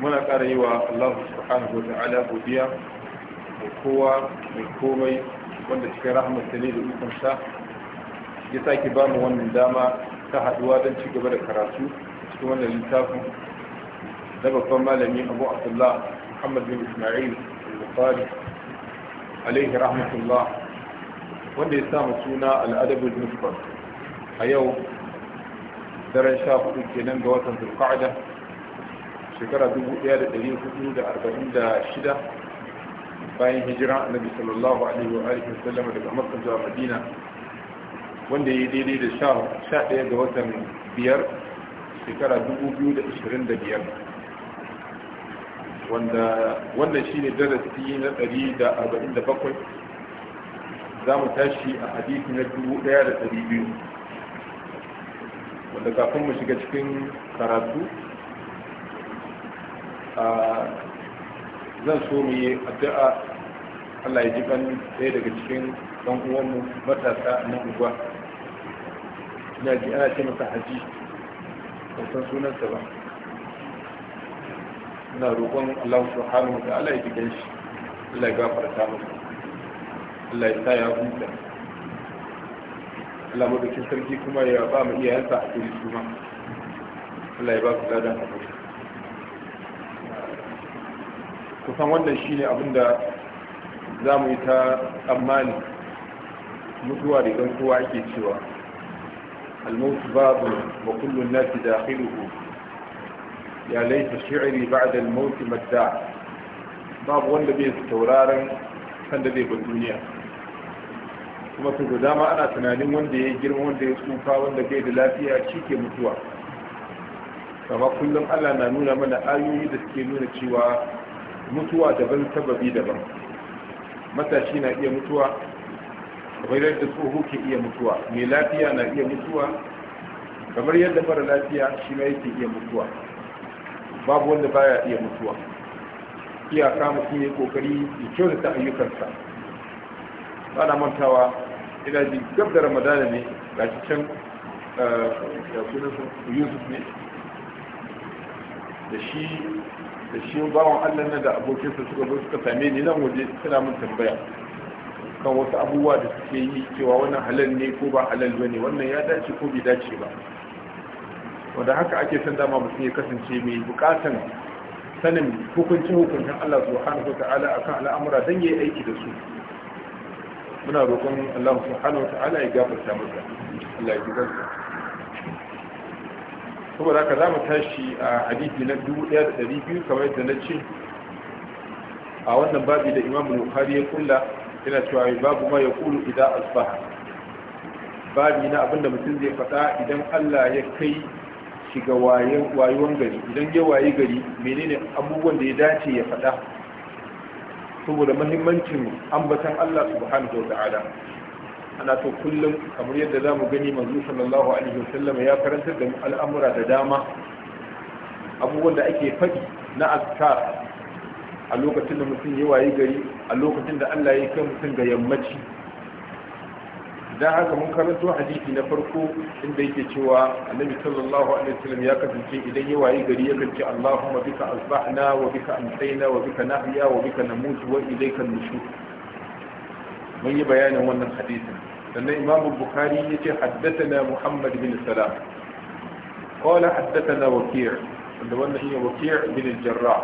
muna ƙara yi wa Allah subhanahu wa ta'ala godiya da kowa mai komai wanda cikin rahmat ne da ikonsa ya sake ba mu wannan dama ta haduwa don ci gaba da karatu cikin wannan littafin na babban malami abu abdullah muhammad bin ismail al-bukhari alaihi rahmatullah wanda ya samu suna al'adabul mufrad a yau daren sha hudu kenan ga watan zulqa'da shekara 1446 bayan hijira annabi sallallahu alaihi wa alihi wasallam daga makka zuwa madina wanda ya daidai da sha ɗaya ga watan biyar shekara 2025 wanda wannan ne darasi na 147 za mu tashi a hadisi na 1200 wanda kafin mu shiga cikin karatu zan so mu yi addu'a Allah ya ji ban ɗaya daga cikin ɗan uwanmu matasa na unguwa ina ji ana ce masa haji ban san sunansa ba ina roƙon Allah subhanahu wa ta'ala ya ji kan shi Allah ya gafarta mu Allah ya sa ya huta Allah madaukin sarki kuma ya ba mu iyayensa a cikin su ma Allah ya ba ku ladan hakuri kusan wannan ne abin da za mu yi ta tsammani mutuwa da ɗan kowa ake cewa almautu babu wa kullum nasi da khiluhu ya laita shi'iri da almauti madda babu wanda bai tauraron kan da zai duniya kuma su guda ma ana tunanin wanda ya girma wanda ya tsufa wanda bai da lafiya shi ke mutuwa kama kullum allah na nuna mana ayoyi da suke nuna cewa mutuwa daban sababi daban matashi na iya mutuwa kamar yadda tsoho ke iya mutuwa mai lafiya na iya mutuwa kamar yadda mara lafiya shi na yake iya mutuwa babu wanda baya iya mutuwa kama mutum ne kokari da kyautata ayyukansa ba na mantawa ina ji gab da ramadana ne ga shi eh, yusuf ne da shi da shi bawan Allah na da abokinsa suka zo suka same ni nan waje suna mun tambaya kan wasu abubuwa da suke yi cewa wannan halal ne ko ba halal ba ne wannan ya dace ko bai dace ba wanda haka ake san dama mutum ya kasance mai bukatan sanin hukuncin hukuncin Allah subhanahu wata'ala akan al'amura dan yayi aiki da su muna roƙon Allah subhanahu wata'ala ya gafarta masa Allah ya gafarta saboda haka za mu tashi a hadisi na 1200 kamar da na ce a wannan babi da imamu bukhari ya kulla yana cewa babu ma ya kulu idan asbaha babi na abinda mutum zai faɗa idan allah ya kai shiga wayuwan gari idan ya wayi gari menene abubuwan da ya dace ya faɗa saboda mahimmancin ambatan allah subhanahu wa ta'ala ana to kullum kamar yadda za mu gani manzo sallallahu alaihi wasallam ya karantar da al'amura da dama abubuwan da ake faɗi na azkar a lokacin da mutum ya wayi gari a lokacin da Allah ya kai mutum ga yammaci dan haka mun karanto hadisi na farko inda yake cewa annabi sallallahu alaihi wasallam ya kasance idan ya wayi gari ya kace Allahumma bika asbahna wa bika amsayna wa bika nahya wa bika namutu wa ilayka an-nushur mun yi bayanin wannan hadisin sannan imam bukhari yace haddathana muhammad bin salam qala haddathana waqi' wanda wannan shine waqi' bin jarrah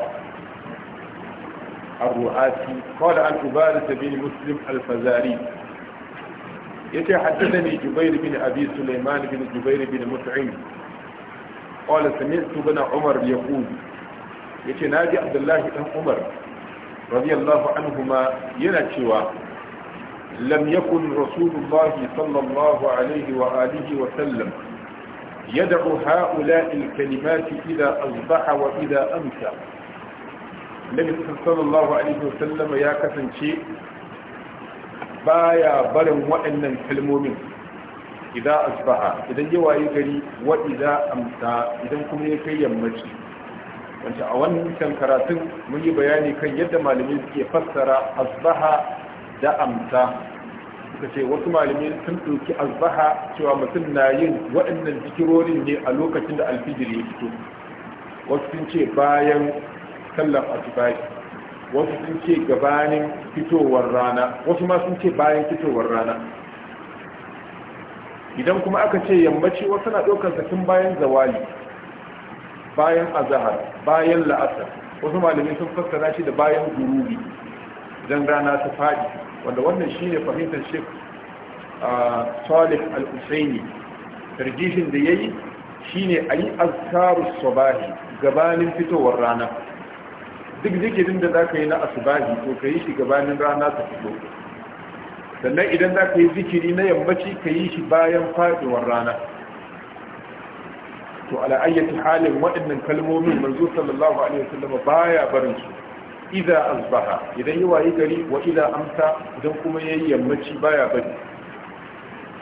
الرؤاسي قال عن عبادة بن مسلم الفزاري يتي حدثني جبير بن أبي سليمان بن جبير بن مطعم قال سمعت بن عمر يقول يتي نادي عبد الله بن عمر رضي الله عنهما ينشوى لم يكن رسول الله صلى الله عليه وآله وسلم يدع هؤلاء الكلمات إذا أصبح وإذا أمسى النبي صلى الله عليه وسلم يا كثن شيء بايا برم وإن الكلمومين إذا أصبح إذا جوا غري وإذا أمسى إذا كم يكي يمجي وانت أولا كان كراتن من يبياني كي يدما لمن يفسر فسر أصبح da amsa suka ce wasu malamai sun ɗauki azbaha cewa mutum na yin waɗannan zikirorin ne a lokacin da alfijir ya fito wasu sun ce bayan sallar asubahi wasu sun ce gabanin fitowar rana wasu ma sun ce bayan fitowar rana idan kuma aka ce yammaci wasu na ɗaukar tun bayan zawali bayan azahar bayan la'asar wasu malamai sun fassara shi da bayan gurubi don rana ta faɗi wanda wannan ne fahimtar Sheikh Salih Al-Usaini tarjihin da yayi shine ayi azkarus sabahi gabanin fitowar rana duk zikirin da ka yi na asbahi to yi shi gabanin rana ta fito sannan idan zaka yi zikiri na yammaci yi shi bayan faduwar rana to ala halin waɗannan kalmomin manzo sallallahu alaihi wasallam baya barin su idza asbaha idan yi wayi gari wa idza amsa idan kuma yayi yammaci baya bari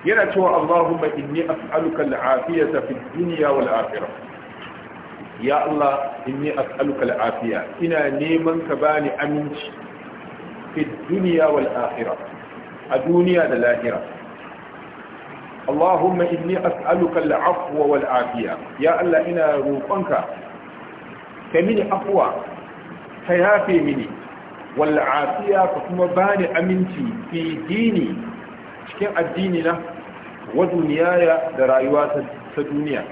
yana cewa Allahumma inni as'aluka al-afiyata fid dunya wal akhirah ya Allah inni as'aluka al-afiya ina neman ka bani aminci fid dunya wal akhirah a duniya da lahira Allahumma inni as'aluka al-afwa wal afiya ya Allah ina roƙonka ka mini afwa ka yafe mini wal ka kuma bani aminci fi dini cikin addini na wa duniyaya da rayuwa ta duniya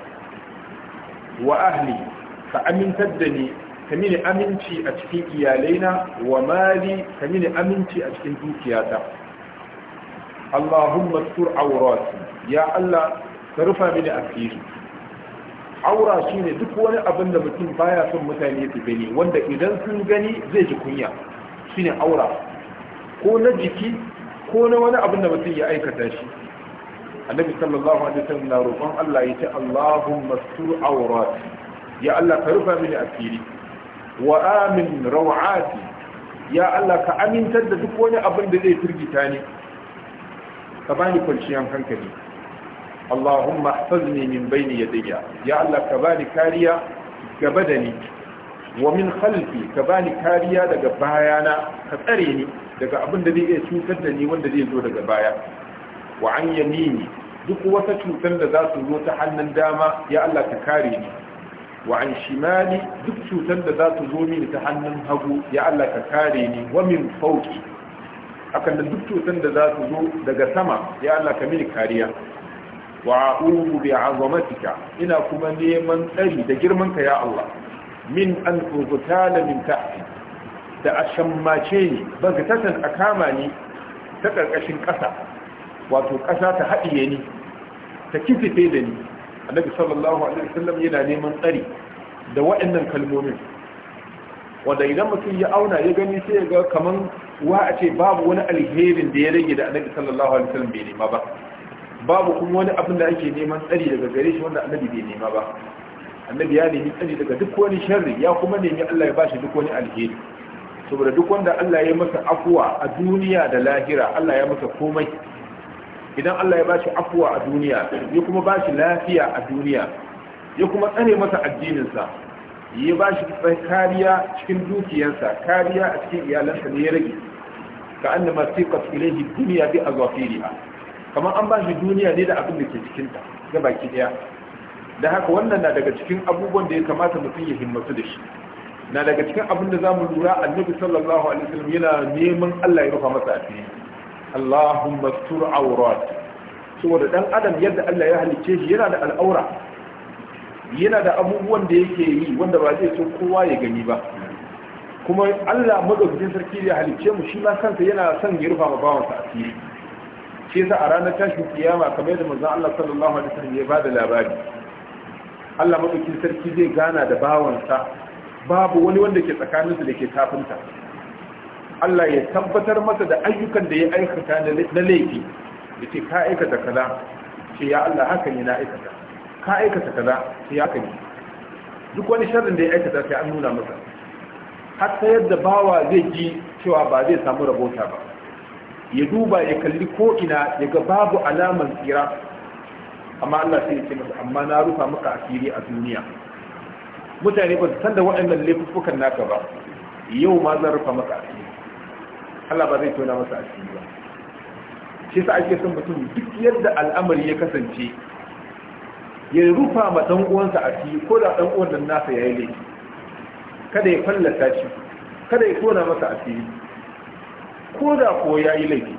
wa ahli ka amintar da ni ka mini aminci a cikin iyalaina wa mali ka mini aminci a cikin dukiyata Allahumma sur awrati ya Allah ka rufa mini asiri aura shine duk wani abin da mutum baya son mutane su gani wanda idan sun gani zai ji kunya shine aura ko na jiki ko na wani abin da mutum ya aikata shi annabi sallallahu alaihi wasallam na roƙon Allah yace Allahumma sur awrat ya Allah ka rufa mini asiri wa amin rawati ya Allah ka amintar da duk wani abin da zai firgita ni ka bani kwanciyar hankali Allahumma ihfazni min bayni yadayya ya Allah ka bani kariya gaba da ni wa min khalfi ka bani kariya daga bayana ka tsare ni daga abin da zai iya cutar da ni wanda zai zo daga baya wa an yamini duk wata cutar da za su zo ta hannun dama ya Allah ka kare ni wa an shimali duk cutar da za su zo mini ta hannun hagu ya Allah ka kare ni wa min fauki akan da duk cutar da za su zo daga sama ya Allah ka mini kariya wa a'udhu bi 'azamatika ina kuma neman tsari da girman ka ya Allah min an ubtala min ta'i da ashammace ni tatan akama ni ta karkashin kasa wato kasa ta hadiye ni ta kifite da ni annabi sallallahu alaihi wasallam yana neman tsari da waɗannan kalmomin wanda idan mutum ya auna ya gani sai ya ga kaman wa a ce babu wani alherin da ya rage da annabi sallallahu alaihi wasallam bai nema ba babu kuma wani abin da ake neman tsari daga gare shi wanda annabi bai nema ba annabi ya nemi tsari daga duk wani sharri ya kuma nemi Allah ya bashi duk wani alheri saboda duk wanda Allah ya masa afuwa a duniya da lahira Allah ya masa komai idan Allah ya bashi afuwa a duniya ya kuma bashi lafiya a duniya ya kuma tsare masa addininsa ya bashi kariya cikin dukiyarsa kariya a cikin iyalansa ne ya rage ka annama siqat ilayhi dunya bi azafiriha kamar an ba shi duniya ne da abin da ke cikinta ga baki daya da haka wannan na daga cikin abubuwan da ya kamata mutum ya himmatu da shi na daga cikin abin da za mu lura annabi sallallahu alaihi wasallam yana neman Allah ya rufa masa asiri Allahumma stur awrat saboda dan adam yadda Allah ya halice shi yana da al'aura yana da abubuwan da yake yi wanda ba zai so kowa ya gani ba kuma Allah madaukakin sarki ya halice mu shi ma kansa yana son ya rufa ma bawansa asiri shi sa a ranar tashin kiyama kamar yadda manzon Allah sallallahu alaihi wasallam ya bada labari Allah madaukin sarki zai gana da bawansa babu wani wanda ke su da ke tafinta Allah ya tabbatar masa da ayyukan da ya aikata na laifi da ce ka aikata kaza ce ya Allah haka ne na aikata ka aikata kaza ce ya ne duk wani sharrin da ya aikata sai an nuna masa har ta yadda bawa zai ji cewa ba zai samu rabota ba ya duba ya kalli ko ina ya ga babu alaman tsira amma Allah sai ya ce masa amma na rufa maka asiri a duniya mutane ba su san da waɗannan laifukan naka ba yau ma zan rufa maka asiri Allah ba zai tona masa asiri ba shi sa ake son mutum duk yadda al'amari ya kasance ya rufa ma dan uwansa asiri ko da dan uwan nan nasa yayi laifi kada ya fallasa shi kada ya tona masa asiri ko da ko ya yi laifi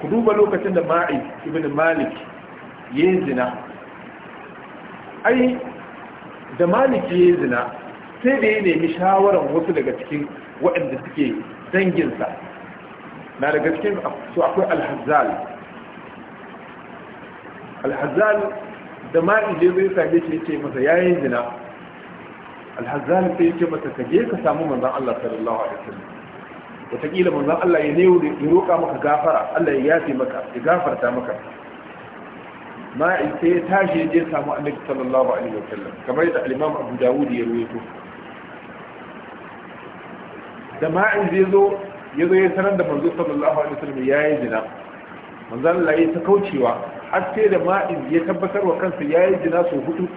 ku duba lokacin da ma'i ibn malik ya yi zina ai da malik ya yi zina sai da ya nemi shawarar wasu daga cikin waɗanda suke danginsa na daga cikin su akwai alhazal alhazal da ma'i ya zai same shi ce masa ya yi zina alhazal sai ya ce masa ka je ka samu manzan allah sallallahu alaihi wasallam wataƙila manzan Allah ya ne ya roƙa maka gafara Allah ya yafe maka ya gafarta maka ma ita ya tashi ya je samu annabi sallallahu alaihi wa sallam kamar yadda al-imam Abu Dawud ya ruwaito da ma'in zai zo ya zo ya sanar da manzo sallallahu alaihi wa sallam ya yi zina manzan Allah ya ta kaucewa har sai da ma'in ya tabbatar wa kansa ya yi zina sau hudu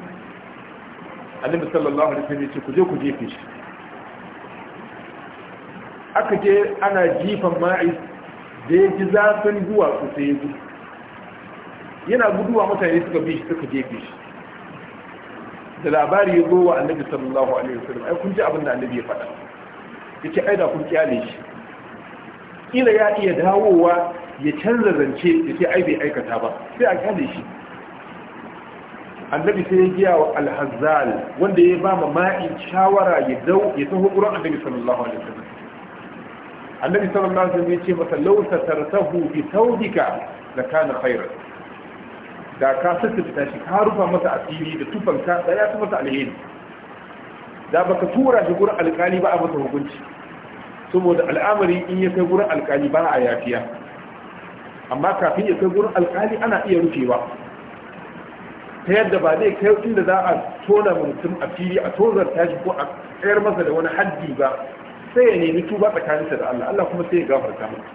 annabi sallallahu alaihi wa sallam ya ce ku je ku jefe shi aka je ana jifan ma'i da ya ji zafin duwatsu sai yi yana guduwa mutane suka bi shi suka jefe shi da labari ya zo wa annabi sallallahu alaihi wasallam ai kun ji abin da annabi ya faɗa yace ai da kun kyale shi kila ya iya dawowa ya canza zance ya ce ai bai aikata ba sai a kyale shi annabi sai ya giya wa alhazzal wanda ya ba ma ma'in shawara ya dau ya taho ƙuran annabi sallallahu alaihi wasallam annabi sallallahu alaihi wasallam ce masa law satartahu bi thawbika la kana khairan da ka ta shi ka rufa masa asiri da ka da ya ta masa alheri da baka tura shi gurin alkali ba a masa hukunci saboda al'amari in ya kai gurin alkali ba a yafiya amma kafin ya kai gurin alkali ana iya rufewa ta yadda ba zai kai inda za a tona mutum a fili a tozar tashi ko a tsayar masa da wani haddi ba sai ya nemi tuba tsakaninsa da Allah Allah kuma sai ya gafarta masa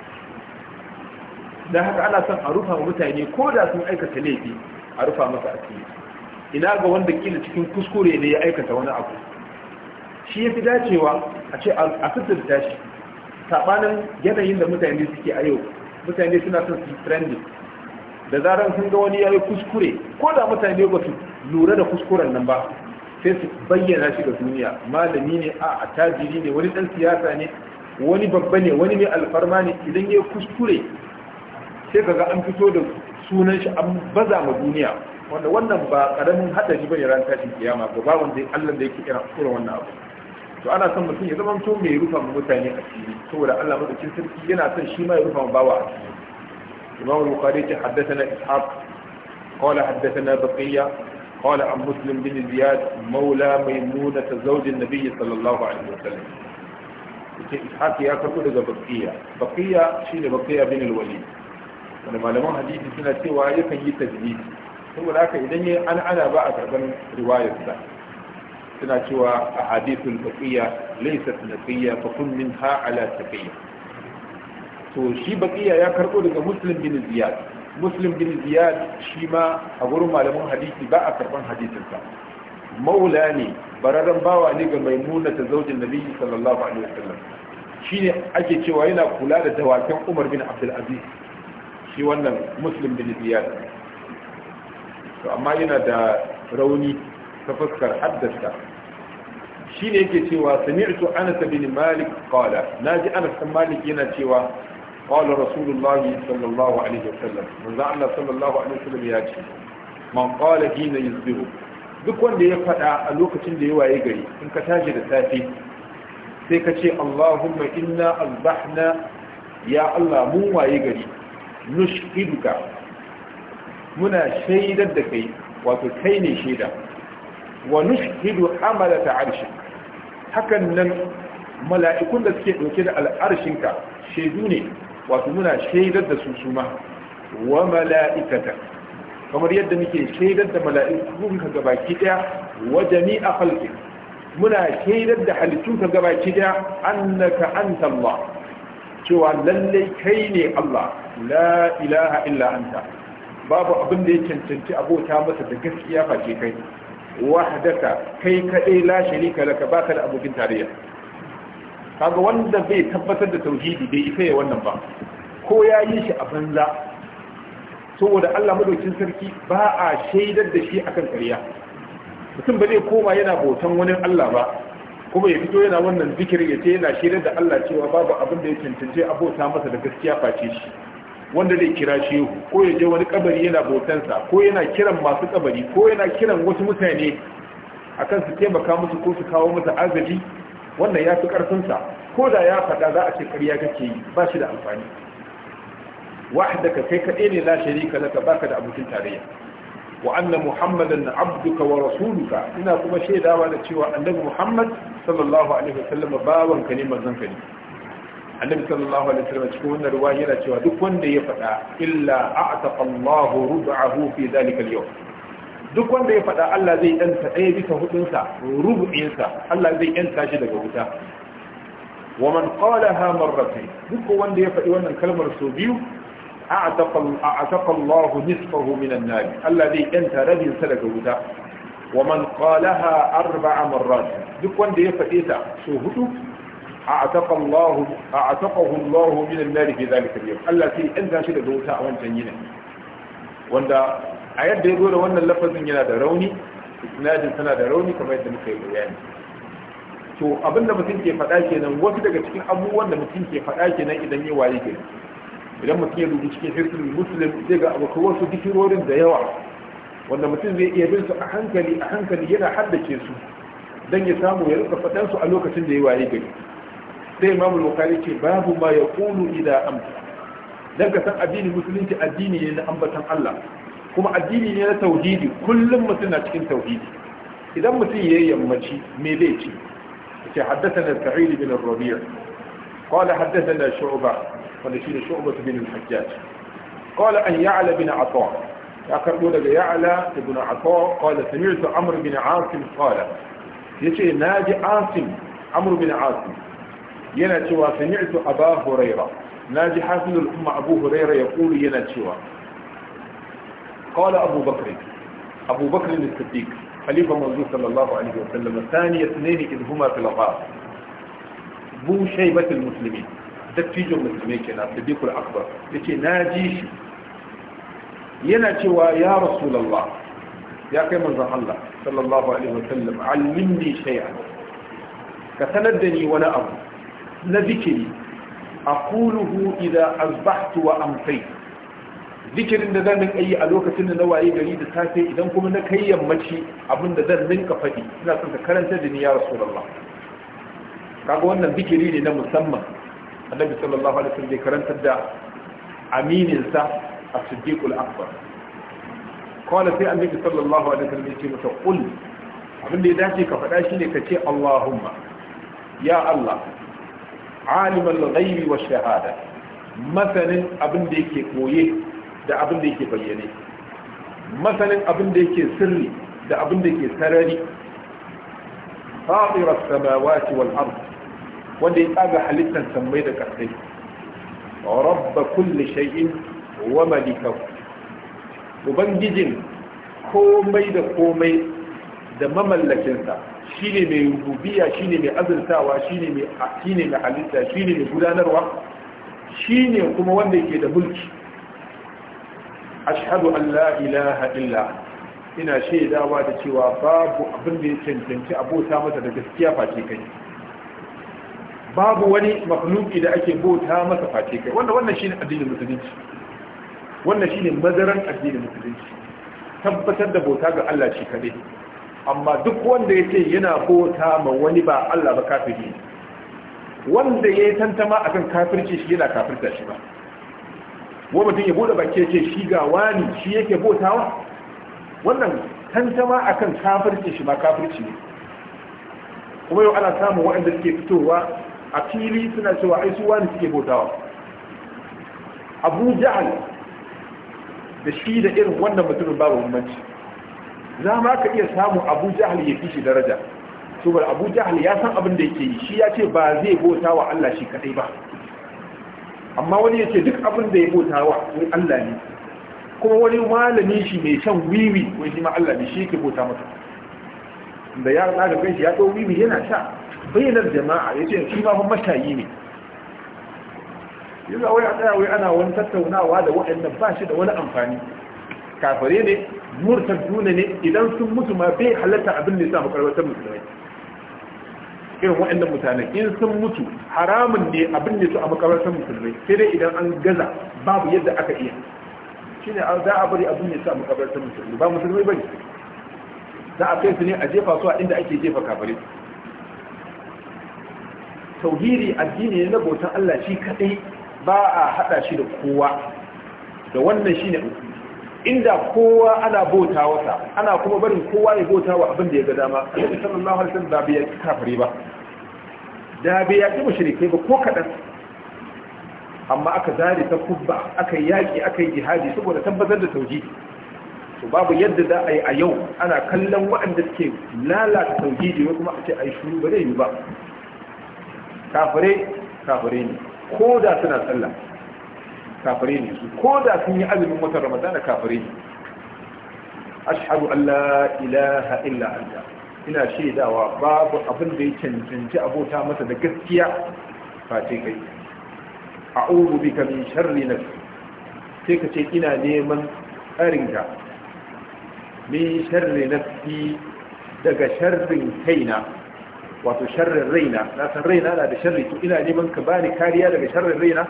dan haka ana son a rufa wa mutane ko da sun aikata laifi a rufa masa asiri ina ga wanda kila cikin kuskure ne ya aikata wani abu shi ya fi dacewa a ce a fitar shi sabanin yanayin da mutane suke a yau mutane suna son su trendy da zaran sun ga wani yi kuskure ko da mutane ba su lura da kuskuren nan ba sai su bayyana shi ga duniya malami ne a tajiri ne wani dan siyasa ne wani babba ne wani mai alfarma ne idan ya kuskure sai kaga an fito da sunan shi an baza ma duniya wanda wannan ba karamin hadari bane ran tashin kiyama ba ba wanda Allah da yake kira kura wannan abu to ana son mutum ya zama mutum mai rufa mutane a cikin saboda Allah madaukakin sarki yana son shi ma ya rufa bawa a fili Imam Bukhari ya haddathana Ishaq qala haddathana Baqiya قال عن مسلم بن زياد مولى ميمونة زوج النبي صلى الله عليه وسلم إسحاق يا كفر إذا بقية بقية شين بقية بن الوليد أنا ما لما حديث سنة سوى يكن تجديد. هو لك اذا أنا أنا بقى تعبن رواية ذا سنة سوى أحاديث البقية ليست نقية فكن منها على تقية. تو شي بقية يا كفر إذا مسلم بن زياد muslim bin ziyad shi ma a gurin malamin hadisi ba a karban hadisinsa maula ne bararren bawa ne ga maimuna ta zaujin nabi sallallahu alaihi wasallam shine ake cewa yana kula da dawakan umar bin abdul aziz shi wannan muslim bin ziyad to amma yana da rauni ta fuskar haddasa shine yake cewa sami'tu anas bin malik qala naji anas bin malik yana cewa qala rasulullahi sallallahu alaihi wasallam manzo sallallahu alaihi wasallam ya ce man qala hina duk wanda ya faɗa a lokacin da ya waye gari in ka tashi da safe sai ka ce Allahumma inna azbahna ya Allah mun waye gari nushhiduka muna shaidar da kai wato kai ne shaida wa nushhidu amalata arshi hakan nan mala'ikun da suke dauke da al'arshinka shaidu ne wato muna shaidar da su suma wa mala'ikata kamar yadda muke shaidar da mala'ikun ka gabaki wa jami'a khalqi muna shaidar da halittunka ka gabaki daya annaka anta Allah cewa lallai kai ne Allah la ilaha illa anta babu abin da ya cancanci abota masa da gaskiya face kai wahdaka kai kadai la sharika laka baka da abokin tarayya kaga wanda bai tabbatar da tauhidi bai isa ya wannan ba ko ya yi shi a banza saboda Allah madaukin sarki ba a shaidar da shi akan ƙarya mutum ba zai koma yana bautan wani Allah ba kuma ya fito yana wannan zikirin ya ce yana shaidar da Allah cewa babu abin da ya cancance abota masa da gaskiya face shi wanda zai kira shehu ko ya je wani kabari yana bautansa ko yana kiran masu kabari ko yana kiran wasu mutane akan su taimaka musu ko su kawo masa azabi wannan ya fi karfinsa ko da ya faɗa za a ce ƙarya kake yi ba shi da amfani wahdaka kai kaɗai ne la sharika laka baka da abokin tarayya wa anna muhammadan abduka wa rasuluka ina kuma shaidawa da cewa annabi muhammad sallallahu alaihi wasallam bawan ka ne manzon ka ne annabi sallallahu alaihi wasallam cikin wannan ruwaya yana cewa duk wanda ya faɗa illa a'taqa Allah rub'ahu fi dhalika al-yawm duk wanda ya faɗa Allah zai danta ɗaya bisa hudunsa rub'insa Allah zai yanta shi daga wuta wa man qalaha marratayn duk wanda ya faɗi wannan kalmar so biyu a'taqa Allah nisfahu min an-nar Allah zai yanta rabin ta so shi daga wuta a wancan yinin wanda a yadda ya zo da wannan lafazin yana da rauni tana da rauni kamar yadda muka yi bayani to abinda mutum ke faɗa kenan wasu daga cikin abubuwan da mutum ke faɗa kenan idan ya waye gari. idan mutum ya dubi cikin hirsul muslim zai ga kawai su dikirorin da yawa wanda mutum zai iya bin su a hankali a hankali yana haddace su dan ya samu ya rika faɗan su a lokacin da ya waye gari sai imamu bukari ce babu ma ya kulu idan amsa dan ka san addinin musulunci addini ne na ambatan Allah kuma addini ne na tauhidi kullum mutum na cikin tauhidi idan mutum ya yammaci me zai ce? حدثنا سعيد بن الربيع قال حدثنا شعبة ونشير شعبة بن الحجاج قال أن يعلى بن عطاء أقرب لك يعلى بن عطاء قال سمعت عمر بن عاصم قال يشي ناجي عاصم عمرو بن عاصم yana سمعت أبا هريرة ناجي naji hafizul أبو هريرة يقول ya قال أبو بكر أبو بكر bakr حليفة منذور صلى الله عليه وسلم ثانية اثنين إذ هما في الغار بو شيبة المسلمين ده تيجو المسلمين كنا صديق الأكبر لكي ناجيش يناجي ويا رسول الله يا كيما الله صلى الله عليه وسلم علمني شيئا كسندني ولا أمر لذكري أقوله إذا أصبحت وأمسيت zikirin da zan rinka yi a lokacin da na waye gari da safe idan kuma na kai yammaci abin da zan rinka faɗi ina son ka karanta da ni ya rasulullah kaga wannan zikiri ne na musamman annabi sallallahu alaihi wasallam ya karantar da aminin sa as-siddiq al-akbar kawai sai annabi sallallahu alaihi wasallam ya ce mata qul abin da ya dace ka faɗa shine ka ce allahumma ya allah alimul ghaibi wash shahada masanin abin da yake koye da abin da yake bayyane masanin abin da yake sirri da abin da yake sarari fatirar samawati wal ard wanda ya tsaga halittar sammai da ƙasai rabba kulli shay'in wa malikahu ubangijin komai da komai da mamallakinsa shine mai rububiya shine mai azurtawa shine mai shine mai halitta shine mai gudanarwa shine kuma wanda yake da mulki ashhadu an la ilaha illa ina shaidawa da cewa babu abin da ya cancanci abota masa da gaskiya face kai babu wani makhluki da ake bota masa face kai wanda wannan shine addinin musulunci wannan shine madaran addinin musulunci tabbatar da bota ga Allah shi kadai amma duk wanda ce yana bota ma wani ba Allah ba kafiri wanda yayi tantama akan kafirci shi yana kafirta shi ba wa mutum ya bude baki ce shi ga wani shi yake botawa wannan tantama akan kafirci shi ba kafirci ne kuma yau ana samun waɗanda suke fitowa a fili suna cewa ai su wani suke botawa abu jahal da shi da irin wannan mutumin babu mummanci za ma ka iya samun abu jahal ya fi shi daraja saboda abu jahal ya san abin da yake yi shi ya ce ba zai bota wa Allah shi kadai ba amma wani ya ce duk abin da ya bota wa wai Allah ne kuma wani malami shi mai shan wiwi wai shi ma Allah ne shi yake bota masa da ya rana ga shi ya ɗau wiwi yana sha bayyanar jama'a ya ce shi ma mashayi ne yanzu wai a tsaya wai ana wani tattaunawa da waɗannan ba shi da wani amfani kafare ne murtar duna ne idan sun mutu ma bai halatta abin da ya samu karbatar musulmai irin waɗannan mutane in sun mutu haramun ne abin ne su a makabartar musulmai sai dai idan an gaza babu yadda aka iya shi ne za a bari abin ne su a makabartar musulmai ba musulmai ne za a kai su ne a jefa su a inda ake jefa kafare tauhiri addini ne na bautan Allah shi kadai ba a hada shi da kowa da wannan shi ne inda kowa ana bauta wata ana kuma barin kowa ya bauta wa abin da ya ga dama sallallahu alaihi wasallam ba bai kafare ba da bai yaƙi mushrikai ba ko kaɗan amma aka zare ta kubba aka yi yaƙi aka yi jihadi saboda tabbatar da tauhidi to babu yadda za a yi a yau ana kallon waɗanda suke lalata da wai kuma a ce a yi shuru ba zai yi ba kafare kafare ne ko da suna sallah kafare ne su ko da sun yi azumin watan ramadana kafare ne ashhadu Allah ilaha illa Allah. ina shaidawa babu abin da ya cancanci abota masa da gaskiya face kai a'udhu bika min sharri nafsi sai ka ce ina neman tsarinka min sharri nafsi daga sharrin kaina wato sharrin raina na san raina na da sharri to ina neman ka bani kariya daga sharrin raina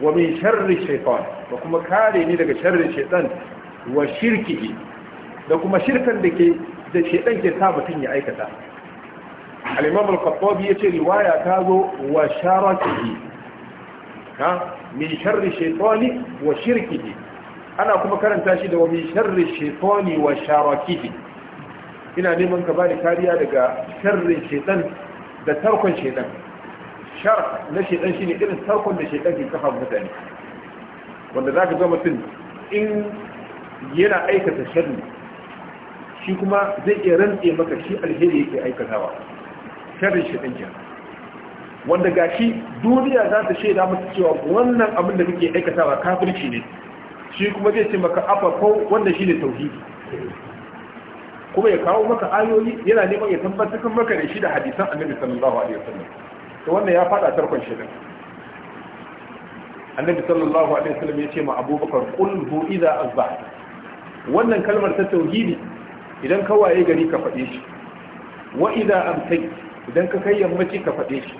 wa min sharri shaytan wa kuma kare ni daga sharrin shaytan wa shirkihi da kuma shirkan da ke da shedan ke sa mutum ya aikata al-imam al-qattabi yace riwaya ta zo wa sharatihi ha min sharri shaytani wa shirkihi ana kuma karanta shi da wa min sharri shaytani wa sharakihi ina neman ka bani kariya daga sharrin shaytan da tarkon shaytan shar na shaytan shine irin tarkon da shaytan ke kafa mutane wanda zaka zo mutum in yana aikata sharri shi kuma zai iya rantse maka shi alheri yake aikatawa sharrin shi ɗin wanda ga shi duniya za ta shaida masa cewa wannan abin da muke aikatawa kafirci ne shi kuma zai ce maka afafau wanda shi ne tauhidi kuma ya kawo maka ayoyi yana neman ya tabbatar maka da shi da hadisan annabi sallallahu alaihi wasallam to wannan ya fada tarkon shi ne. annabi sallallahu alaihi wasallam ya ce ma abubakar qul hu idza azbah wannan kalmar ta tauhidi idan ka waye gari ka faɗe shi wa idza amsay idan ka kai yammaci ka faɗe shi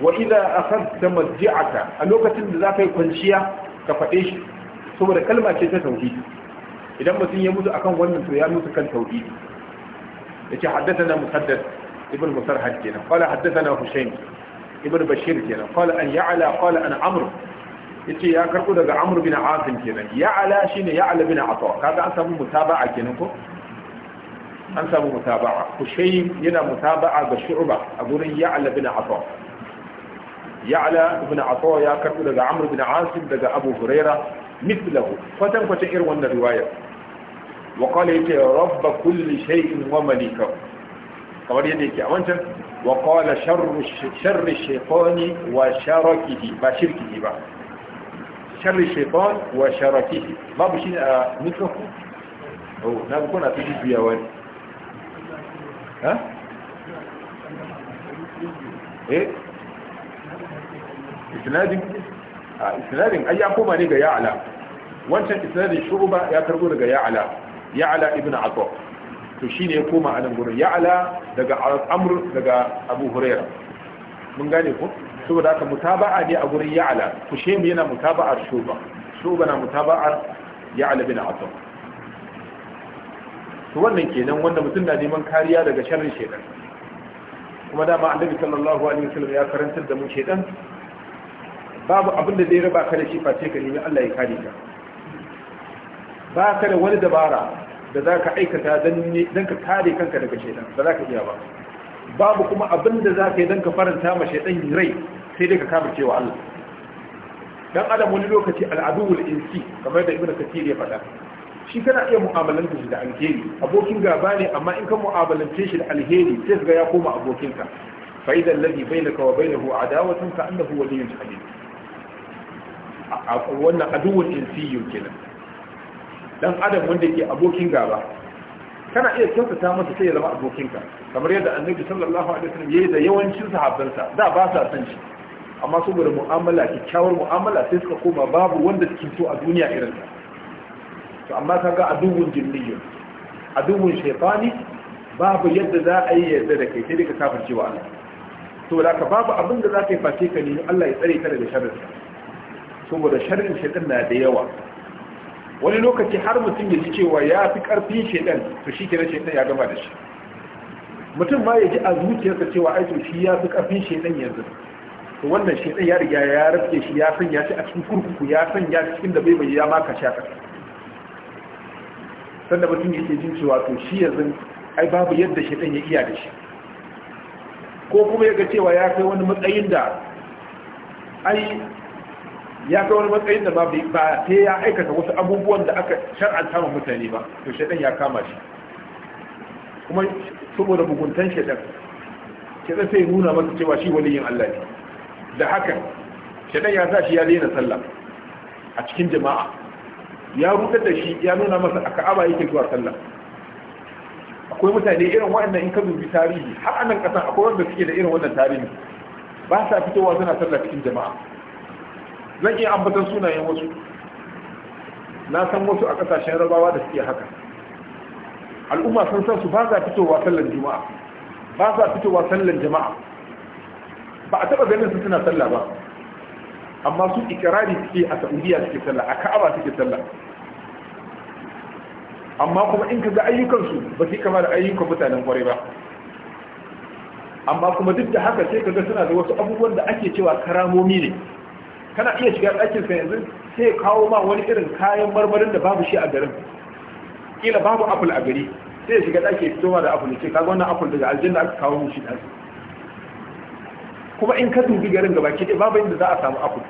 wa idza akhadta madji'aka a lokacin da zaka yi kwanciya ka faɗe shi saboda kalma ce ta tauhidi idan mutum ya mutu akan wannan to ya mutu kan tauhidi yace haddathana musaddad ibn musarhad kenan qala haddathana husayn ibn bashir kenan qala an ya'la qala an amr yace ya karbo daga amr bin asim kenan ya'la shine ya'la bin ata kaga an samu mutaba'a kenan ko an samu mutaba'a kushaym yana mutaba'a ga shu'ba a gurin ya'la bin afa ya'la bin afa ya karbu daga amr bin asim daga abu huraira mithlahu kwatan kwata irin wannan riwayar wa qala yake rabb kulli shay'in wa malikahu kamar yadda yake a wancan wa qala sharru sharri shaytani wa sharakihi ba shirkihi ba sharri shaytan wa sharakihi babu shi a mithlahu oh na kuna tujibiya wani ha eh isnadin a isnadin ai ya koma ne ga ya'ala wancan isnadin shuruba ya karbo daga ya'ala ya'ala ibnu atwa to shine ya koma anan gudun ya'ala daga amr daga abu huraira mun gane ko saboda aka mutaba'a ne a gurin ya'ala kushemi yana mutaba'ar shuba shuba na mutaba'ar ya'ala bin atwa to wannan kenan wanda mutum na neman kariya daga sharrin shedan kuma dama annabi sallallahu alaihi wasallam ya karantar da mu shedan babu abin da zai raba ka da shi face ka nemi Allah ya kare ka ba ka da wani dabara da za ka aikata don ka kare kanka daga shaidan ba za ka iya ba babu kuma abin da za ka yi don ka faranta ma shaidan rai sai dai ka kama cewa Allah dan adam wani lokaci al'adu wal insi kamar da ibnu kathir ya faɗa shi kana iya mu'amalanta shi da alheri abokin gaba ne amma in ka mu'amalance shi da alheri sai ga ya koma abokinka fa idan ladhi bainaka wa bainahu adawatun ka annahu waliyyun hadid wannan aduwwun insiyyu kenan dan adam wanda ke abokin gaba kana iya kyautata masa sai ya zama abokinka kamar yadda annabi sallallahu alaihi wasallam yayi da yawancin sahabbansa da ba sa san shi amma saboda mu'amala kyakkyawar mu'amala sai suka koma babu wanda suke so a duniya irin sa to amma kaga aduwwun jinniyyu aduwwun shaytani babu yadda za a yi yadda da kai sai dai ka kafirce wa Allah to da ka babu abin da za ka yi face ka ne Allah ya tsare ka daga sharrin saboda sharrin shaytan na da yawa wani lokaci har mutum ya ji cewa ya fi karfi shaytan to shi kenan shaytan ya gama da shi mutum ma ya ji a zuciyarsa cewa ai to shi ya fi karfi shaytan yanzu to wannan shaytan ya riga ya rafke shi ya sanya shi a cikin kurkuku ya sanya shi cikin da bai bai ya maka shaka sanda mutum yake jin cewa to shi yanzu ai babu yadda shaitan ya iya da shi ko kuma ya ga cewa ya kai wani matsayin da ai ya kai wani matsayin da ba ta ya aikata wasu abubuwan da aka shar'anta ma mutane ba to shaitan ya kama shi kuma saboda muguntan shaitan shaitan sai nuna masa cewa shi waliyin Allah ne da haka shaitan ya sa shi ya daina sallah a cikin jama'a ya rute da shi ya nuna masa a ka'aba yake zuwa sallah akwai mutane irin waɗannan in ka dubi tarihi har anan kasan akwai wanda suke da irin wannan tarihi ba sa fitowa suna sallah cikin jama'a zan iya ambatan sunayen wasu na san wasu a kasashen rabawa da suke haka al'umma sun san su ba sa fitowa sallar juma'a ba sa fitowa sallar jama'a ba a taba ganin su suna sallah ba amma su ikirari suke a saudiya suke sallah a ka'aba suke sallah amma kuma in ka ga ayyukansu ba su kama da ayyukan mutanen kwarai ba amma kuma duk da haka sai ka ga suna da wasu abubuwan da ake cewa karamomi ne kana iya shiga ɗakin sa yanzu sai ya kawo ma wani irin kayan marmarin da babu shi a garin kila babu apple a gari sai ya shiga ɗakin ya fito ma da apple ce kaga wannan apple daga aljanna aka kawo mu shi ɗakin kuma in ka tuki garin gaba ɗaya babu inda za a samu abu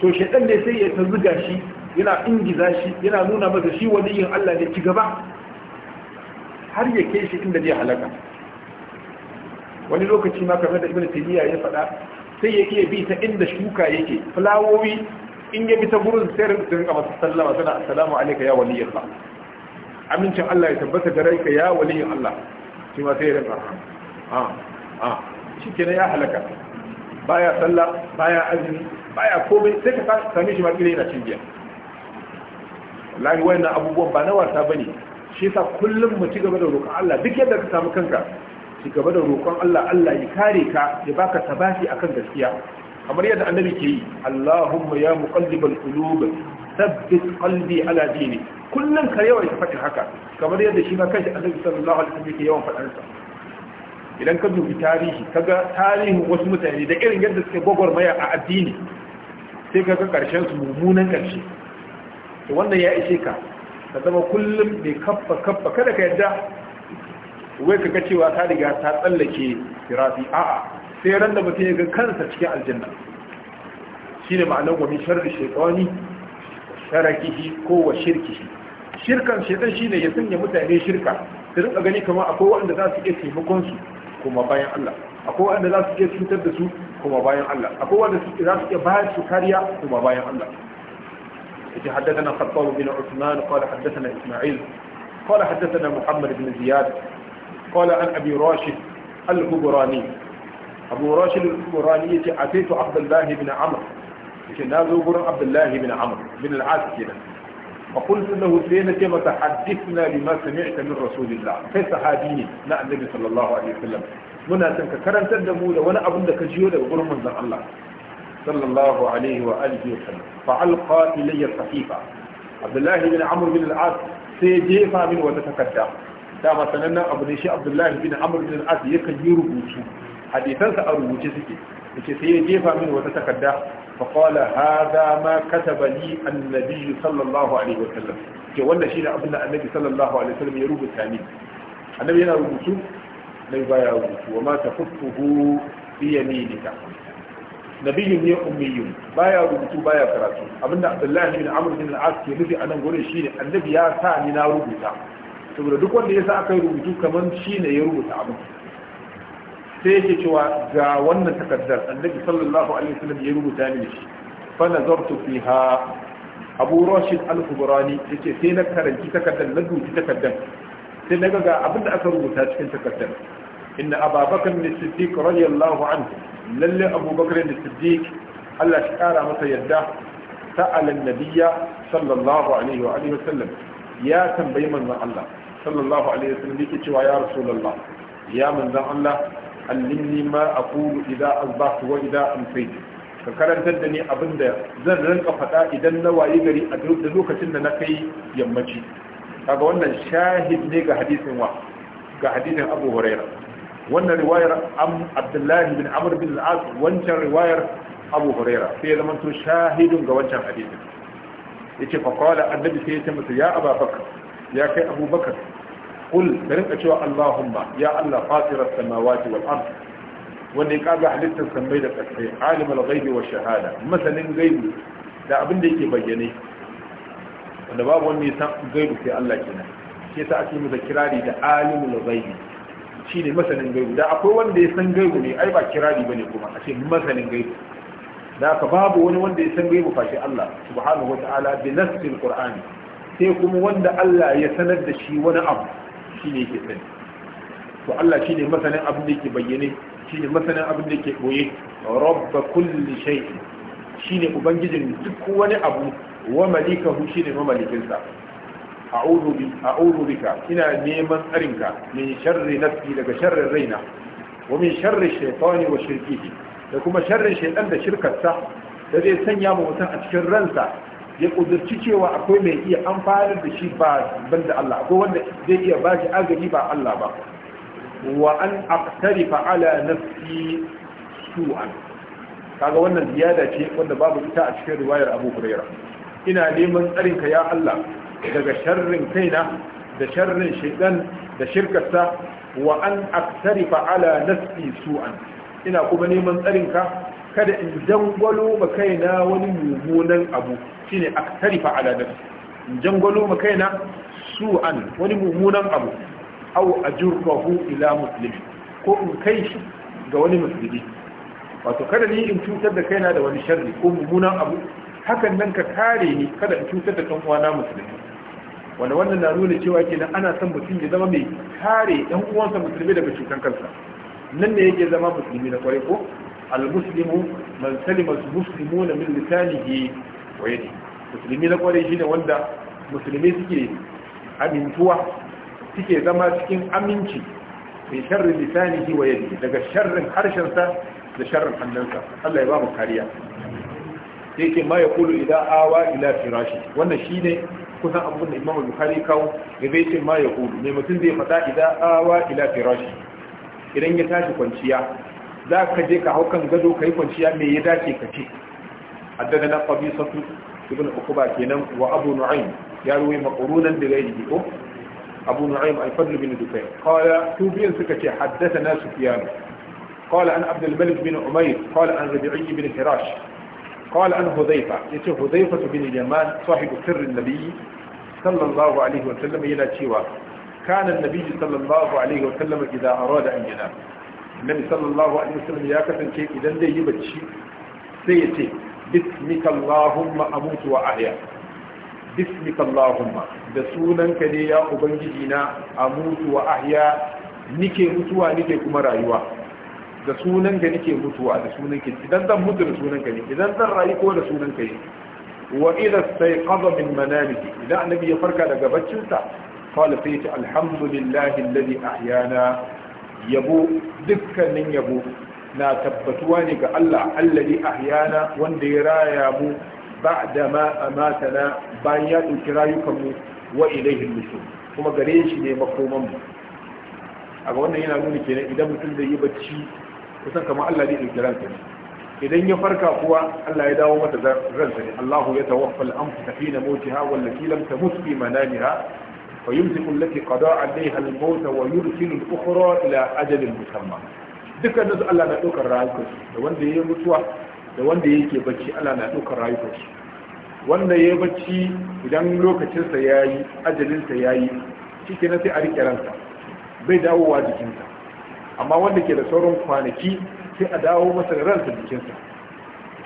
to shaidan ne sai ya ta zuga shi yana ingiza shi yana nuna masa shi waliyin Allah ne ci gaba har ya kai shi inda zai halaka wani lokaci ma kamar da ibnu tayyiya ya faɗa sai ya iya bi ta inda shuka yake fulawowi in ya bi ta gurin sai rinka rinka masa sallama tana assalamu alayka ya waliyin Allah amincin Allah ya tabbata gare ka ya waliyin Allah shi ma sai rinka ha ah, ah, ha ah. shikenan ya halaka baya sallah baya azumi baya komai sai ka same shi ma kire yana cin giya wallahi wayannan abubuwan ba na wasa bane shi yasa kullum mu ci gaba da roƙon Allah duk yadda ka samu kanka ci gaba da roƙon Allah Allah ya kare ka ya baka tabafi akan gaskiya kamar yadda annabi ke yi Allahumma ya muqallibal qulub thabbit qalbi ala dini kullum ka yawan faɗin haka kamar yadda shi ma kanshi annabi sallallahu alaihi wasallam ke yawan faɗansa. idan ka dubi tarihi kaga tarihin wasu mutane da irin yadda suke gwagwarmaya a addini sai ka ga karshen su mummunan karshe to wannan ya ishe ka ka zama kullum mai kaffa kaffa kada ka yadda wai ka ga cewa ta riga ta tsallake firafi a'a sai ran da mutum ya ga kansa cikin aljanna shine ma'anar wa min sharri shaytani sharakihi ko wa shirkihi shirkan shaitan shine ya sanya mutane shirka ta rinka gani kamar akwai waɗanda za su iya taimakonsu. kuma bayan Allah akwai wanda za su iya cutar da su kuma bayan Allah akwai wanda za su iya bayan su kariya kuma bayan Allah yake haddathana Khattab bin Uthman qala haddathana Isma'il qala haddathana Muhammad bin Ziyad qala an Abi Rashid al-Hubrani Abu Rashid al-Hubrani yace ataitu Abdullah bin Amr yace nazo gurin Abdullah bin Amr bin al-As فقلت له سينا كما تحدثنا لما سمعت من رسول الله كي صحابيني نا النبي صلى الله عليه وسلم منا تنك كرنت الدمو ده وانا ابن ده كجيو ده غرم من الله صلى الله عليه واله وسلم فالقى الي الصحيفه عبد الله بن عمرو بن العاص sai jefa min wata takarda dama sanannen abu ne shi abdullahi bin amr bin al-as yakan yi rubutu hadisansa a rubuce suke yace sai ya jefa min wata takarda fa qala hadha ma kataba li annabi sallallahu alaihi wasallam ke wannan shine abin da annabi sallallahu alaihi wasallam ya rubuta min. annabi yana rubutu dai baya rubutu wa ma tafuhu bi yaminika nabiyun ne ummiyun baya rubutu baya karatu abinda abdullahi bin amr bin al-as ke nufi a nan gurin shine annabi ya sa ni na rubuta saboda duk wanda ya sa aka rubutu kaman shine ya rubuta abin sai yake cewa ga wannan takardar annabi sallallahu alaihi wasallam ya rubuta ni shi fa nazartu fiha abu rashid al-kubrani yace sai na karanci takardar na dubi takardar sai na ga abin da aka rubuta cikin takardar inna ababakar ne siddiq radiyallahu anhu lalle abubakar ne siddiq Allah shi kara masa yadda sa'ala nabiyya sallallahu alaihi wa alihi wasallam ya tambayi manzon Allah sallallahu alaihi wasallam yake cewa ya rasulullah ya manzon Allah allimni ma aqulu idza asbahtu wa idan an amsayt ka karantar da ni da zan rinka faɗa idan na waye gari a da lokacin da na kai yammaci kaga wannan shahid ne ga hadisin wa ga hadisin Abu Huraira wannan riwayar am Abdullahi bin Amr bin al-As wancan riwayar Abu Huraira sai ya zama to shahidun ga wancan hadisin yace fa qala annabi sai ya ce masa ya Abu Bakar ya kai Abu Bakar kul ka rinka cewa Allahumma ya Allah fatirar samawati wal ard wanda kaga halittar sammai da kasai alimul ghaibi shahada masanin gaibi da abin da yake bayyane wanda babu wanda ya san sai Allah kenan masa kirari masanin gaibu. da akwai wanda ya san gaibu ne ai ba kirari bane kuma a ce masanin gaibu. da aka babu wani wanda ya san gaibu fashi Allah subhanahu wataala bi nassil qur'ani sai kuma wanda Allah ya sanar da shi wani abu shine yake sani to Allah shine masanin abin da ke bayyane shine masanin abin da yake boye rabb kulli shay shine ubangijin duk wani abu wa malikahu shine mamalikin sa a'udhu bi a'udhu bika ina neman tsarinka min sharri nafsi daga sharrin raina wa min sharri shaytani wa shirkihi da kuma sharrin shaytan da shirkarsa da zai sanya mu mutum a cikin ransa ya kudurci cewa akwai mai iya amfani da shi ba banda Allah akwai wanda zai iya ba shi agaji ba Allah ba wa an aqtarifa ala nafsi su'an kaga wannan ziyada ce wanda babu ita a cikin riwayar Abu Huraira ina neman tsarin ya Allah daga sharrin kaina da sharrin shaytan da shirkarsa wa an aqtarifa ala nafsi su'an ina kuma neman tsarin ka kada in jangwalo ma kaina wani mummunan abu shine aktarifa ala nafsi in jangwalo ma kaina su'an wani mummunan abu aw ajurruhu ila musulmi, ko in kai shi ga wani musulmi wato kada ni in cutar da kaina da wani sharri ko mummunan abu hakan nan ka kare ni kada in cutar da kan uwana musulmi wanda wannan na nuna cewa kenan ana son mutum ya zama mai kare ɗan uwansa musulmi daga cutar kansa nan ne yake zama musulmi na kwarai ko المسلم muslimu سلم المسلمون من لسانه ويده مسلمين na سكي أمين wanda musulmi suke amintuwa suke zama cikin aminci لسانه ويده لقى wa yadihi daga sharrin harshen sa da sharrin hannunsa Allah ya ba mu kariya إلى ma ya شيني kusan abubuwan da imamu bukari kawo ya zai ce ma ya hudu mai mutum zai fata idan awa ila firashi idan ya tashi kwanciya za ka je ka hau kan gado ka yi kwanciya me ya dace ka ce haddana na qabisatu ibn uqba kenan wa abu nu'aym ya ruwi maqrunan da gairi ko abu nu'aym al-fadl dukai. dukay qala tubiyan suka ce haddathana sufyan qala an abd al-malik bin umayr qala an rabi'i bin hirash قال عن هذيفة يتي هذيفة بن اليمان صاحب سر النبي صلى الله عليه وسلم إلى تيوى كان النبي صلى الله عليه وسلم إذا أراد an ينام annabi sallallahu alaihi wasallam ya kasance idan zai yi bacci sai ya ce bismika allahumma amutu wa ahya bismika allahumma da sunanka ne ya ubangiji na amutu wa ahya nike mutuwa nike kuma rayuwa da sunanka nike mutuwa da sunanka idan zan mutu da sunanka ne idan zan rayu ko da sunanka ne wa idza stayqadha min manamihi idan annabi ya farka daga baccinsa qala sayyidi alhamdulillahi alladhi ahyana yabo dukkanin yabo na tabbatuwa ne ga Allah alladhi ahyana wanda ya raya mu da ma na bayan ya ɗauki rayukan mu wa ilayhi nushur kuma gare shi ne makoman mu a ga wannan yana nuna kenan idan mutum zai yi bacci kusan kamar Allah zai dauki ne idan ya farka kuwa Allah ya dawo mata ranta ne Allahu ya tawaffa al-anfusa hina mawtiha wallati lam tamut fi manamiha فيمسك التي قضى عليها الموت ويرسل الأخرى إلى أجل مسمى dukkan su Allah na ɗaukar rayukansu da wanda ya mutuwa da wanda yake bacci Allah na ɗaukar rayukansu wanda ya bacci idan lokacinsa ya yi ajalinsa ya yi cike sai a riƙe ransa bai dawowa jikinsa amma wanda ke da sauran kwanaki sai a dawo masa da ransa jikinsa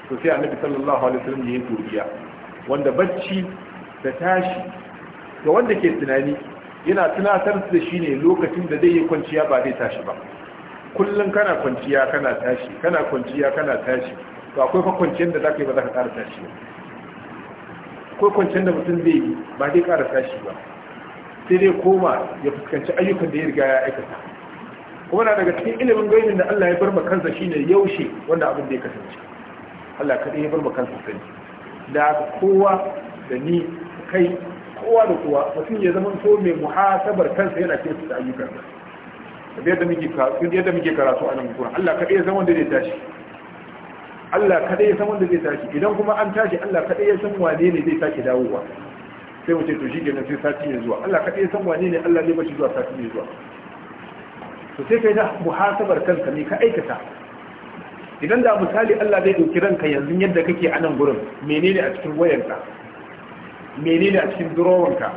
to sai annabi sallallahu alaihi wasallam ya yi godiya wanda bacci da tashi ga wanda ke tunani yana tunatar da shi ne lokacin da zai yi kwanciya ba zai tashi ba kullum kana kwanciya kana tashi kana kwanciya kana tashi to akwai fa kwanciyar da za ka yi ba za ka ƙara tashi ba. akwai kwanciyar da mutum zai yi ba zai ƙara tashi ba sai dai koma ya fuskanci ayyukan da ya riga ya aikata kuma na daga cikin ilimin gaibin da Allah ya bar ma kansa shine yaushe wanda abin da ya kasance Allah kaɗai ya bar ma kansa sani da kowa da ni kai kowa da kowa mutum ya zama so mai muhasabar kansa yana cikin su ayyukan da yadda muke karatu yadda muke karatu a nan kuma Allah kaɗai ya san wanda zai tashi Allah kaɗai ya san wanda zai tashi idan kuma an tashi Allah kaɗai ya san wane ne zai sake dawowa sai mu ce to nan sai sati ne zuwa Allah kaɗai ya san wane ne Allah zai bashi zuwa sati ne zuwa to sai kai da muhasabar kanka ne ka aikata idan da misali Allah zai ɗauki ranka yanzu yadda kake a nan gurin menene a cikin wayarka menene a cikin durowanka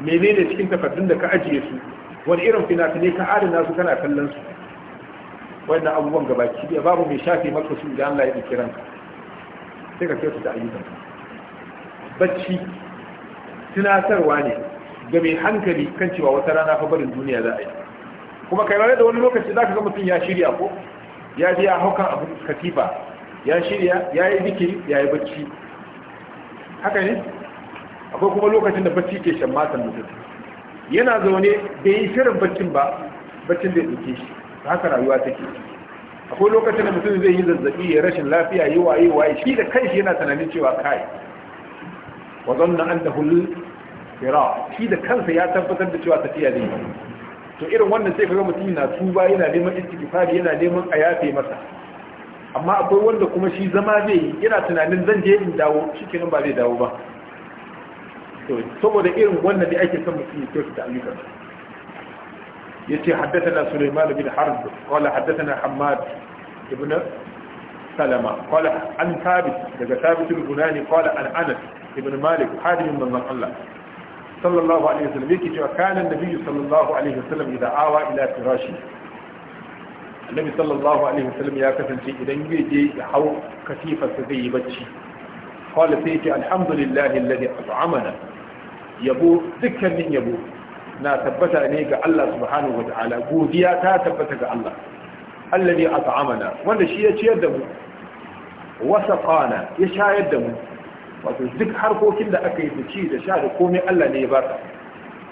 menene cikin takardun da ka ajiye su wani irin fina-finai ka adana su kana kallon su wannan abubuwan ki biya babu mai shafe maka su idan Allah ya ɗauki ranka sai ka su da ayyukan bacci tunatarwa ne ga mai hankali kan cewa wata rana fa barin duniya za a yi kuma kai rana da wani lokaci za ka ga mutum ya shirya ko ya biya ya haukan abin katifa ya shirya ya yi zikiri ya yi bacci haka ne akwai kuma lokacin da bacci ke shan matan mutum yana zaune bai yi shirin baccin ba baccin da ya ɗauke shi haka rayuwa take akwai lokacin da mutum zai yi zazzaɓi ya rashin lafiya yi waye waye shi da kanshi yana tunanin cewa kai wa zanna annahu fira shi da kansa ya tabbatar da cewa tafiya zai to irin wannan sai kaga mutum na tuba yana neman istighfari yana neman a yafe masa amma akwai wanda kuma shi zama zai yi yana tunanin zan je in dawo shikenan ba zai dawo ba saboda irin wannan da ake san mutum ya ayyukan ya ce haddatana suleiman bin harb kwallo haddatana hamad ibn salama kwallo an tabi daga tabitin gunani kwallo al'anas ibn malik hadimin manzan allah sallallahu alaihi wasallam yake cewa kanan da biyu sallallahu alaihi wasallam idan awa ila firashi annabi sallallahu alaihi wasallam ya kasance idan yi je ya hau katifarsa zai yi bacci kwallo sai ce alhamdulillahi lalli a tsu'amana yabo dukkanin yabo na tabbata ne ga Allah subhanahu wataala godiya ta tabbata ga Allah alladhi at'amana wanda shi ya ciyar da mu wasaqana ya shayar da mu wato duk harkokin da aka yi da ci da sha da komai Allah ne ya baka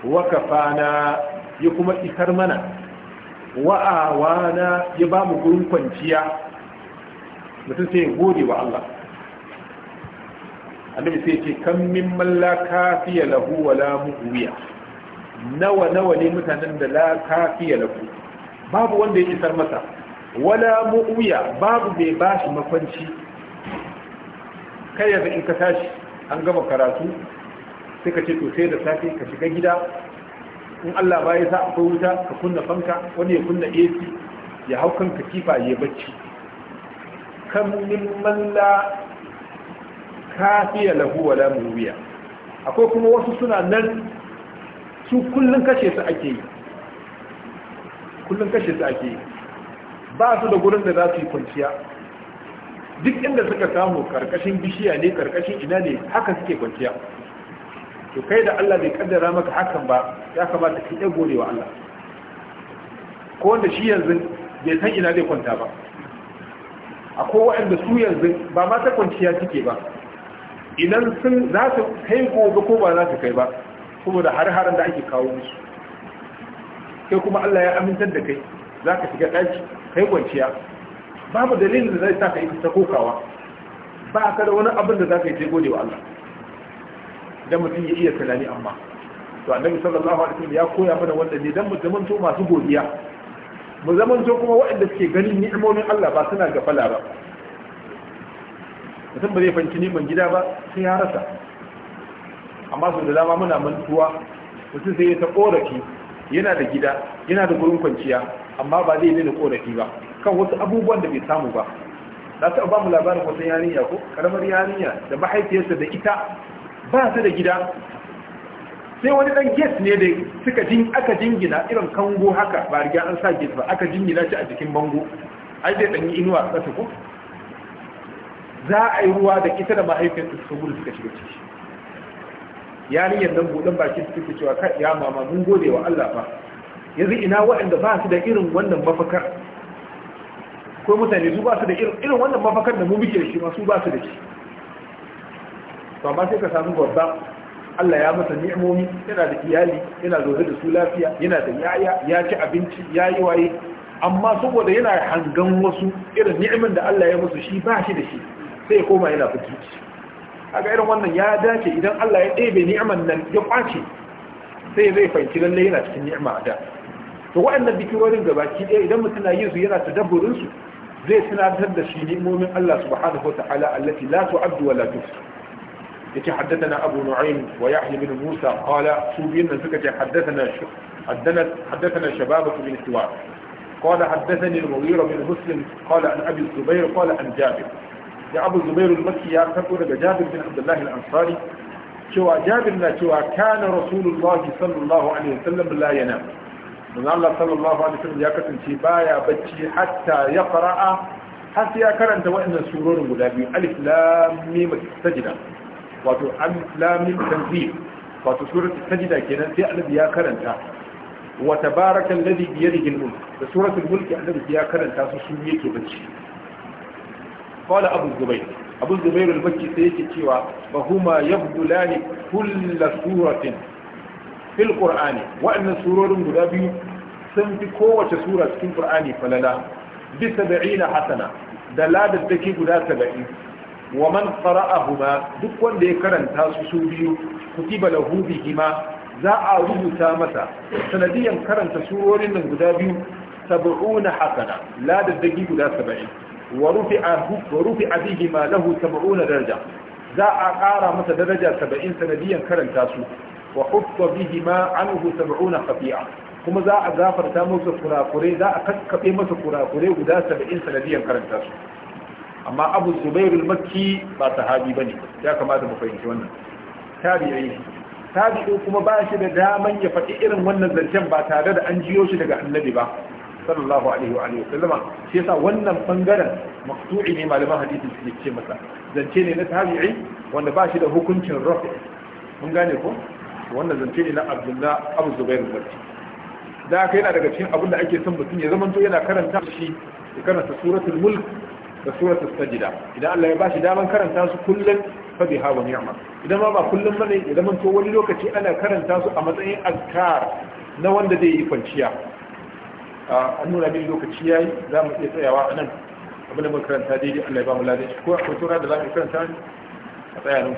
wa kafana ya kuma isar mana wa awana ya ba mu gurin kwanciya mutum sai ya gode wa Allah annabi sai ce kan min malla kafiya lahu wala mu'wiya nawa nawa ne mutanen da la kafiya lahu babu wanda ya isar masa wala mu'wiya babu bai bashi mafanci kai yanzu in ka tashi an gama karatu sai ka ce to sai da safe ka shiga gida in Allah ba ya sa akwai wuta ka kunna fanka wani ya kunna AC ya hau kan katifa ya bacci kan min malla kafiya lahu wala muwiya akwai kuma wasu suna nan su kullun kashe su ake yi kullun kashe su ake yi ba su da gurin da za su yi kwanciya duk inda suka samu karkashin bishiya ne karkashin ina ne haka suke kwanciya to kai da Allah bai kaddara maka hakan ba ya kamata ka iya wa Allah ko wanda shi yanzu bai san ina zai kwanta ba akwai waɗanda su yanzu ba ma ta kwanciya suke ba idan sun za su kai gobe ko ba za su kai ba da har-haren da ake kawo musu sai kuma Allah ya amintar da kai za ka shiga kai kwanciya babu dalilin da zai sa ka yi ta kokawa ba ka da wani abin da za ka yi sai gode wa Allah idan mutum ya iya tunani amma to annabi sallallahu alaihi wasallam ya koya mana wanda ne dan mu to masu godiya mu zamanto kuma waɗanda suke ganin ni'imomin Allah ba suna gafala ba mutum ba zai fanci neman gida ba sai ya rasa amma su da dama muna mantuwa mutum sai ta korafi yana da gida yana da gurin kwanciya amma ba zai daina korafi ba kan wasu abubuwan da bai samu ba za ta ba mu labarin wata yarinya ko karamar yarinya da mahaifiyarsa da ita ba su da gida sai wani dan get ne da suka jin aka jingina irin kango haka ba riga an sa get ba aka jingina shi a jikin bango ai dai dan yi inuwa kasa ko za a yi ruwa da ita da mahaifiyarta su gudu suka shiga ciki yarinyar nan buɗin baki su suke cewa kai ya mama mun gode wa Allah fa yanzu ina waɗanda ba su da irin wannan mafakar ko mutane su ba su da irin wannan mafakar da mu muke da shi ma su ba su da shi to amma sai ka samu babba Allah ya masa ni'imomi yana da iyali yana zaune da su lafiya yana da yaya ya ci abinci ya yi waye amma saboda yana hangan wasu irin ni'imin da Allah ya musu shi ba shi da shi sai ya koma yana fitici aga irin wannan ya dace idan Allah ya ɗebe ni'man nan ya kwace sai zai fahimci lalle yana cikin ni'ima a da to waɗannan bikirorin gabaki ɗaya idan mutum na yin su yana tadabburin su zai tunatar da shi nimomin Allah subhanahu wata'ala allati la tu'addu wa la tuhsa yace haddathana Abu Nu'aym wa Yahya bin Musa qala su biyan nan suka ce haddathana haddathana haddathana shababatu bin Siwar قال حدثني المغيرة بن مسلم قال an أبي الزبير قال an جابر da abu zubairu maki ya karɓo daga jabir bin abdullahi al-ansari cewa jabir na cewa kana rasulullah sallallahu alaihi sallam, la yana manzo Allah sallallahu alaihi sallam, ya kasance baya bacci hatta ya fara'a har sai ya karanta waɗannan surorin guda biyu alif lam mim sajda wato alif lam mim tanzil wato suratul sajda kenan sai annabi ya karanta wa tabaraka alladhi bi yadihi al-mulk da suratul mulk annabi ya karanta su sun yake bacci qala abu zubayr abu zubayr al-bakki sai yake cewa fa huma yabdulani kullu suratin fil qur'ani wa'annan surorin guda biyu sun fi kowace sura cikin qur'ani falala bi 70 hasana da ladar take guda 70 wa man qara'ahuma duk wanda ya karanta su su biyu kutiba lahu bihima za a rubuta masa sanadiyan karanta surorin nan guda biyu 70 hasana ladar take guda 70 wa rufi'a bihi ma lahu 70 daraja za a ƙara masa daraja 70 sanadiyan karanta su wa bihi ma anhu 70 khafi'a kuma za a gafarta masa kurakure za a kakkabe masa kurakure guda 70 karanta su amma Abu zubairu al-Makki ba sahabi bane ya kamata mu fahimci wannan tabi'i tabi'i kuma ba shi da daman ya faɗi irin wannan zancen ba tare da an jiyo shi daga annabi ba sallallahu alaihi wa alihi sallama shi yasa wannan bangaren maqtu'i ne malaman hadisi suke ce masa zance ne na tabi'i wanda ba shi da hukuncin rafi mun gane ko wannan zance ne na Abdullah Abu Zubair al-Barri da aka yana daga cikin abin da ake son mutum ya zamanto yana karanta shi ya karanta suratul mulk da suratul sajda idan Allah ya bashi daman karanta su kullum fa biha wa ni'ma idan ma ba kullum bane ya zamanto wani lokaci ana karanta su a matsayin azkar na wanda zai yi kwanciya an nuna min lokaci yayi za mu iya tsayawa a nan abin da muka karanta daidai Allah ya ba mu ladan shi ko akwai tura da za mu karanta a tsaya nan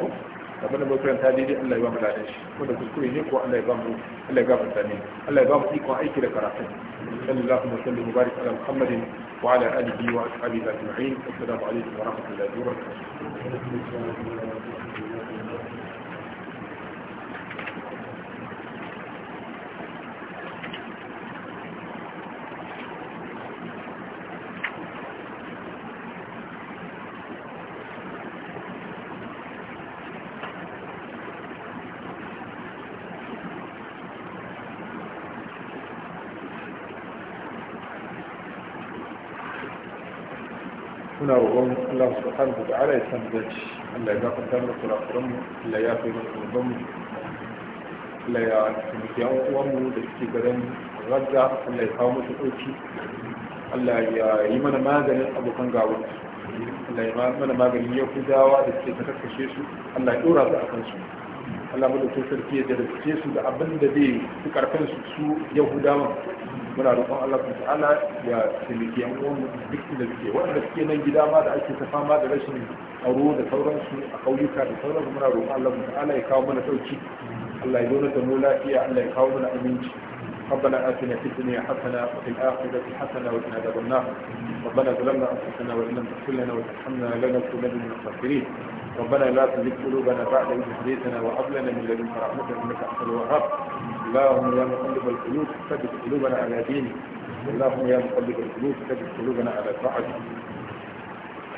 abin da muka karanta daidai Allah ya ba mu ladan shi ko da kuskure ne ko Allah ya ba mu Allah ya gafarta ne Allah ya ba mu ikon aiki da karatu sallallahu alaihi wa sallam mubarak ala muhammadin wa ala alihi wa ashabihi ajma'in assalamu alaikum wa rahmatullahi wa barakatuh suna roƙon Allah kan wa ta'ala ya san da shi Allah ya zafi tamar kurakuran mu Allah ya fi mana kurban mu Allah ya taimaki yan uwan mu da suke garin ragga. Allah ya kawo musu ɗauki Allah ya yi mana maganin abokan gawan Allah ya yi mana maganin dawa da suke ta karkashe su Allah ya ɗora su a kansu Allah madaukakin sarki ya jarabce su da abin da zai fi karfin su su Yahudawan muna roƙon Allah kuma ta'ala ya tilike yan uwan duk da suke wanda suke nan gida ma da ake ta fama da rashin tsaro da sauransu a ƙauyuka da sauransu muna roƙon Allah kuma ta'ala ya kawo mana sauki Allah ya zauna da mu lafiya Allah ya kawo mana aminci ربنا آتنا في الدنيا حسنة وفي الآخرة حسنة وقنا عذاب النار ربنا ظلمنا أنفسنا وإن لم تغفر لنا وترحمنا لنكونن من الخاسرين ربنا لا تزغ قلوبنا بعد إذ هديتنا وهب لنا من لدنك رحمة إنك أنت الوهاب اللهم يا مقلب القلوب ثبت قلوبنا على دينك اللهم يا مقلب القلوب ثبت قلوبنا على طاعتك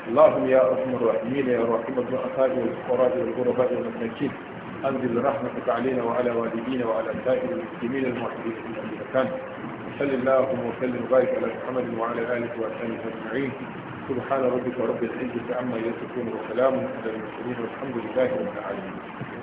اللهم يا ارحم الراحمين يا راحم الضعفاء والفقراء والغرباء والمساكين انزل رحمتك علينا وعلى والدينا وعلى سائر المسلمين الموحدين في كل مكان صل اللهم وسلم وبارك على محمد وعلى اله واصحابه اجمعين سبحان ربك رب العزه عما يصفون وسلام على المرسلين والحمد لله رب العالمين